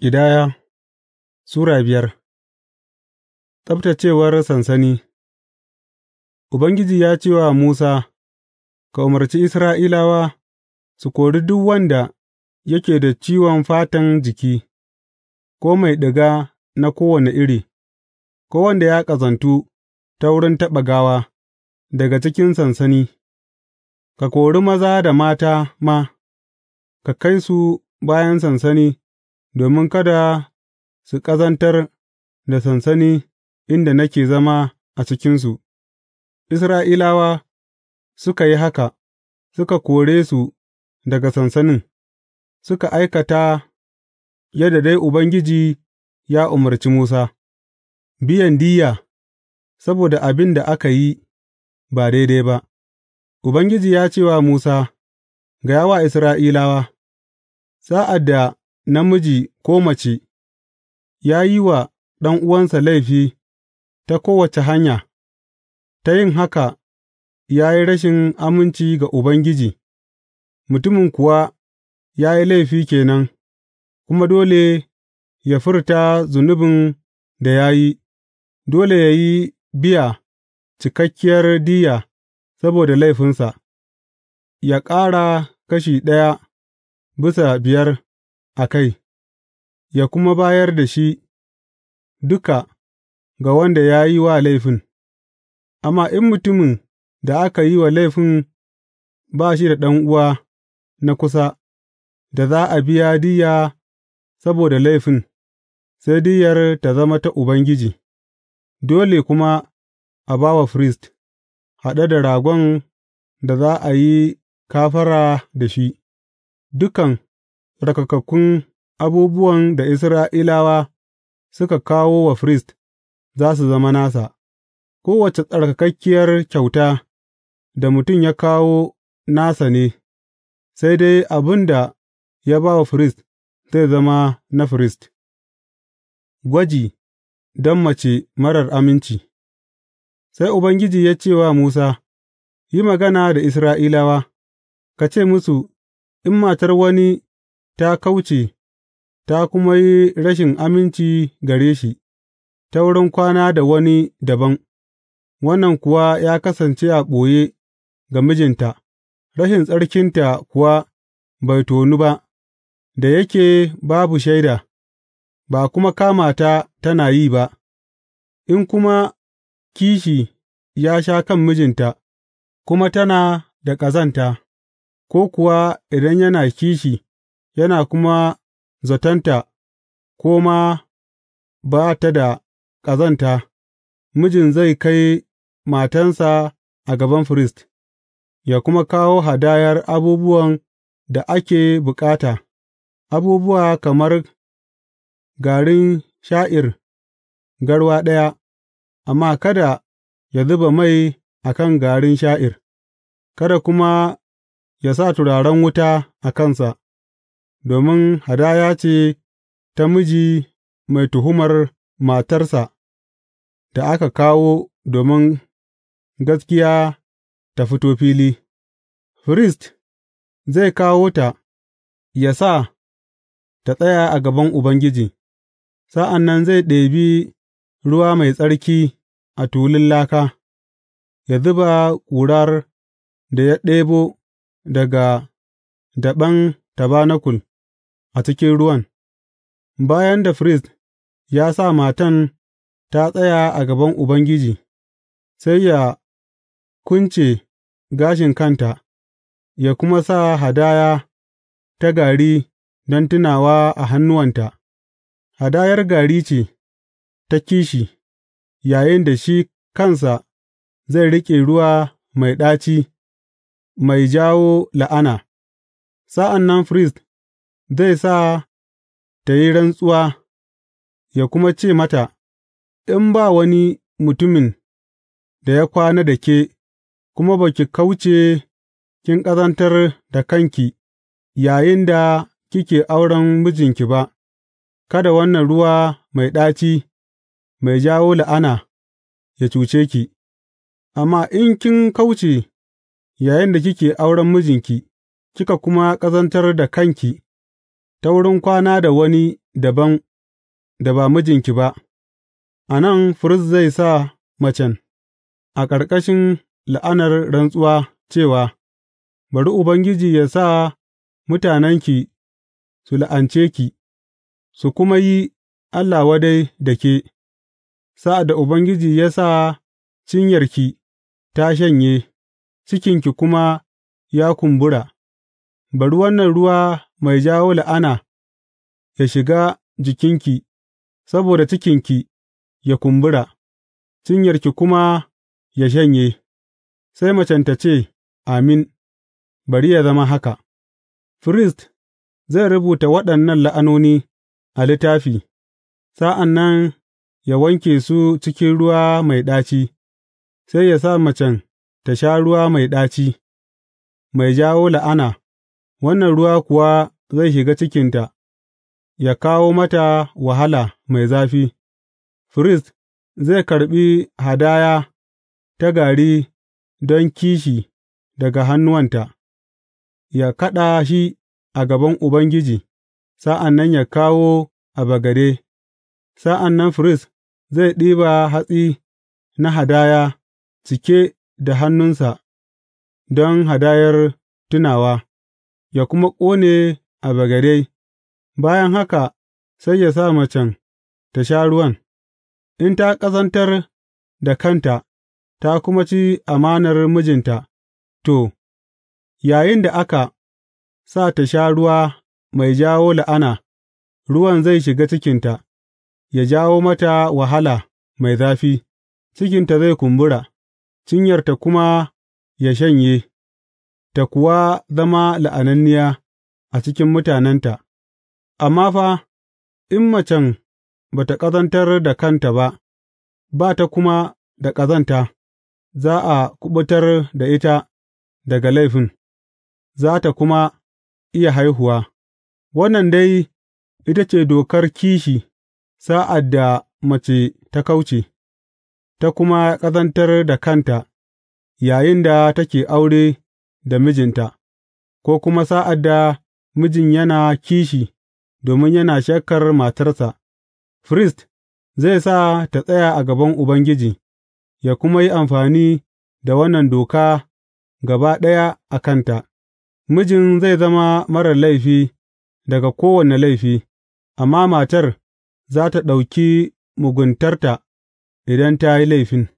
Ƙidaya Sura biyar Tsaftacewar sansani Ubangiji ya ce wa Musa, Ka umarci Isra'ilawa su kori duk wanda yake da ciwon fatan jiki, ko mai ɗiga na kowane iri, ko wanda ya ƙazantu ta wurin taɓa gawa daga cikin sansani, ka kori maza da mata ma, ka kai su bayan sansani. domin kada su ƙazantar da sansani inda nake zama a cikinsu, Isra'ilawa suka yi haka, suka kore su daga sansanin, suka aikata yadda dai Ubangiji ya umarci Musa, biyan diyya saboda abin da aka yi ba daidai ba. Ubangiji ya ce wa Musa, Gaya wa Isra'ilawa, Sa'ad da namiji ko mace, ya yi wa ɗan'uwansa laifi ta kowace hanya, ta yin haka ya yi rashin aminci ga Ubangiji, mutumin kuwa ya yi laifi ke nan, kuma dole ya furta zunubin da ya yi, dole ya yi biya cikakkiyar diya saboda laifinsa, Ya ƙara kashi ɗaya bisa biyar. a kai, ya kuma bayar da shi duka ga wanda ya yi wa laifin, amma in mutumin da aka yi wa laifin ba shi da uwa na kusa, da za a biya diyya saboda laifin, sai diyar ta zama ta Ubangiji, dole kuma a ba wa frist haɗe da ragon da za a yi kafara da shi, dukan Tsarkakakkun abubuwan da Isra'ilawa suka kawo wa firist za su zama nasa, kowace tsarkakakkiyar kyauta da mutum ya kawo nasa ne, sai dai abin da ya ba wa firist zai zama na firist. Gwaji don mace marar aminci Sai Ubangiji ya ce wa Musa, Yi magana da Isra'ilawa, ka ce musu, In matar wani ta kauce ta kuma yi rashin aminci gare shi, ta wurin kwana da wani dabam, wannan kuwa ya kasance a ɓoye ga mijinta, rashin tsarkinta kuwa bai tonu ba, da yake babu shaida, ba kuma kamata tana yi ba, in kuma kishi ya sha kan mijinta, kuma tana da ƙazanta, ko kuwa idan yana kishi. yana kuma zatonta ko ma ba ta da ƙazanta, mijin zai kai matansa a gaban firist, ya kuma kawo hadayar abubuwan da ake bukata, abubuwa kamar garin sha'ir garwa ɗaya, amma kada ya zuba mai a kan garin sha'ir, kada kuma ya sa turaren wuta a kansa. domin hadaya ce ta miji mai tuhumar matarsa da aka kawo domin gaskiya ta fito fili, firist zai kawo ta ya sa ta tsaya a gaban Ubangiji, sa'an nan zai ɗebi ruwa mai tsarki a tulun laka, ya zuba ƙurar da ya ɗebo daga daɓen tabanakul a cikin ruwan, bayan da firist ya sa matan ta tsaya a gaban Ubangiji, sai ya kunce gashin kanta, ya kuma sa hadaya ta gari don tunawa a hannuwanta, hadayar gari ce ta kishi, yayin da shi kansa zai riƙe ruwa mai ɗaci mai jawo la'ana, sa'an nan firist zai sa ta yi rantsuwa ya kuma ce mata, In ba wani mutumin da ya kwana da ke, kuma ba ki kauce kin ƙazantar da kanki yayinda kike auren mijinki ba, kada wannan ruwa mai ɗaci, mai jawo la'ana, ya cuce ki, amma in kin kauce yayin da kike auren mijinki, kika kuma ƙazantar da kanki, ta wurin kwana da wani dabam da ba mijinki ba, a nan firist zai sa macen a ƙarƙashin la'anar rantsuwa cewa, Bari Ubangiji ya sa mutanenki su la'ance ki, su kuma yi Allah wadai da ke, sa'ad da Ubangiji ya sa cinyarki ta shanye, cikinki kuma ya kumbura, bari wannan ruwa mai jawo la'ana ya shiga jikinki, saboda cikinki ya kumbura, cinyarki kuma ya shanye, sai macen ta ce, Amin, bari ya zama haka. Firist zai rubuta waɗannan la'anoni a littafi, sa'an nan ya wanke su cikin ruwa mai ɗaci, sai ya sa macen ta sha ruwa mai ɗaci, mai jawo la'ana, wannan ruwa kuwa zai shiga cikinta, ya kawo mata wahala mai zafi, firist zai karɓi hadaya ta gari don kishi daga hannuwanta, ya kaɗa shi a gaban Ubangiji, sa'an nan ya kawo a bagade, sa'an nan firist zai ɗiba hatsi na hadaya cike da hannunsa don hadayar tunawa, ya kuma ƙone a bagade, bayan haka sai ya sa macen ta sha ruwan, in ta ƙazantar da kanta ta kuma ci amanar mijinta, to, yayin da aka sa ta sha ruwa mai jawo la'ana, ruwan zai shiga cikinta, ya jawo mata wahala mai zafi, cikinta zai kumbura, cinyarta kuma ya shanye, ta kuwa zama la'ananniya a cikin mutanenta, amma fa, in macen ba ta ƙazantar da kanta ba, ba ta kuma da ƙazanta, za a kuɓutar da ita daga laifin, za ta kuma iya haihuwa, wannan dai ita ce dokar kishi sa'ad da mace ta kauce, ta kuma ƙazantar da kanta yayin da take aure da mijinta, ko kuma sa'ad da mijin yana kishi domin yana shakkar matarsa, firist zai sa ta tsaya a gaban Ubangiji, ya kuma yi amfani da wannan doka gaba ɗaya a kanta, mijin zai zama marar laifi daga kowane laifi, amma matar za ta ɗauki muguntarta idan ta yi laifin.